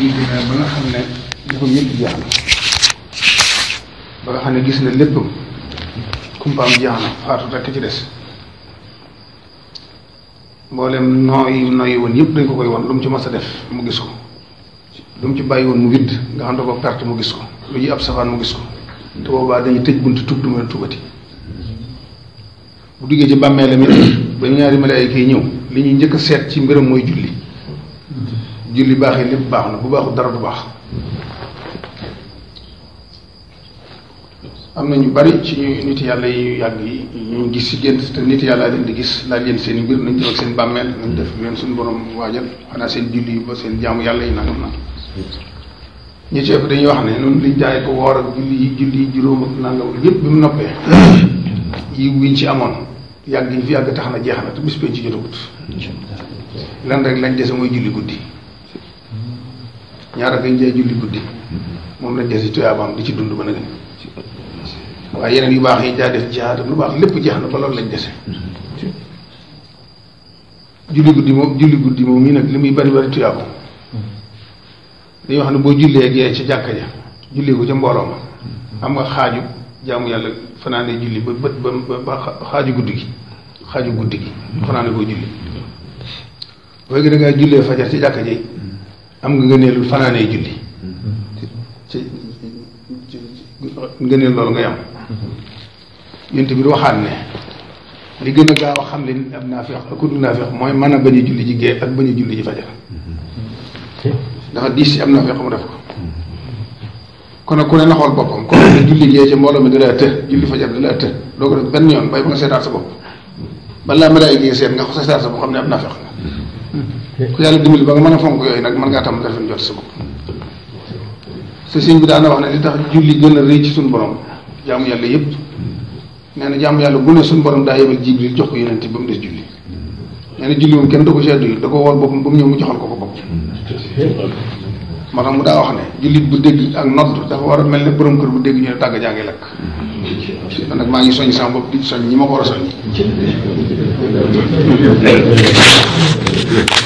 ñu ba nga xam ne dafa ñëpp jeex na ba nga xam ne gis na léppam kumpaam jeex na faatu rekk ci des mboolem nooy nooy woon yëpp dañ ko koy won lu mu ci mas a def mu gis ko lu mu ci bàyyi woon mu widd nga xam ne ko perte mu gis ko lu ñuy ab safaan mu gis ko te boobaa dañuy tëj buntu tub du mën tubati bu duggee ci bàmmeelam it ba ñaari malaayika yi ñëw li ñuy njëkk seet ci mbiram mooy julli julli yi lépp baax na bu baaxul dara du baax am na ñu bari ci ñu nit yàlla yu yàgg yi ñu gis si gént te nit yàlla leen di gis laaj leen seen mbir nañ def seen bàmmeel nañ def leen suñu borom waajal xanaa seen julli ba seen jaamu yàlla yi nangam nangam ñi ci ëpp dañuy wax ne noonu li jaay ko woor ak julli yi julli yi juróom ak nangam yépp bi mu noppee yi wiñ ci amoon yàgg ñu fi yàgg tax na jeex na te bis penc jotagut lan rek lañ dese mooy julli guddi ñaar ak njëriñ julli guddi moom lañ dee si tuyaabaam di ci dund ba nag waaye yeneen yu baax yi jaa def jihaad lu baax lépp jeex na ba loolu lañ dese. julli guddi moom julli guddi moom mii nag li muy bari bari tuyaaba dañuy wax ne boo jullee ak ci ca jàkka ja jullee ko ca mbooloo ma am nga xaaju jaamu yàlla fanaane julli ba bët ba ba xaaju guddi gi xaaju guddi gi fanaane koo julli boo gi da ngaa jullee fajar ca jàkka ji am nga ngëneelul fanaanee julli mm-hmm. ci ci loolu nga am mm-hmm. yonent bi waxaat ne li gën a gaaw a xam leen ab naafiq ak ku dul naafiq mooy mën a bañ julli ji ak bañu julli ji fajar mm-hmm. dafa diis si am naafiq mu def ko kon nag ku ne naxool boppam kon ne julli gée ci mbooloo mi di la të julli fajar di të doo ko def benn yoon bay ba nga seetaat sa bopp balaa malaayika yi seet nga seetaat sa bopp xam ne ab naafiq ku mm-hmm. yàlla dimbali ba nga mën a fonk yooyu nag mën ngaa tam def jot sa bopp sa sëñ bi daana wax ne li tax julli gën a rëy ci suñu borom jaamu yàlla yëpp nee na jaamu yàlla bu ne suñu borom daa yebal jibril jox ko yonent ba mu des julli nee na julli moom kenn da ko seddu yi da ko wool boppam ba mu ñëw mu joxal ko ko bopp maanaam mu daa wax ne jullit bu dégg ak nodd dafa war a mel ne borom kër bu dégg ñu ne tàgg jaa ngi man nag maa ngi soññ sama bopp di soññ ñi ma ko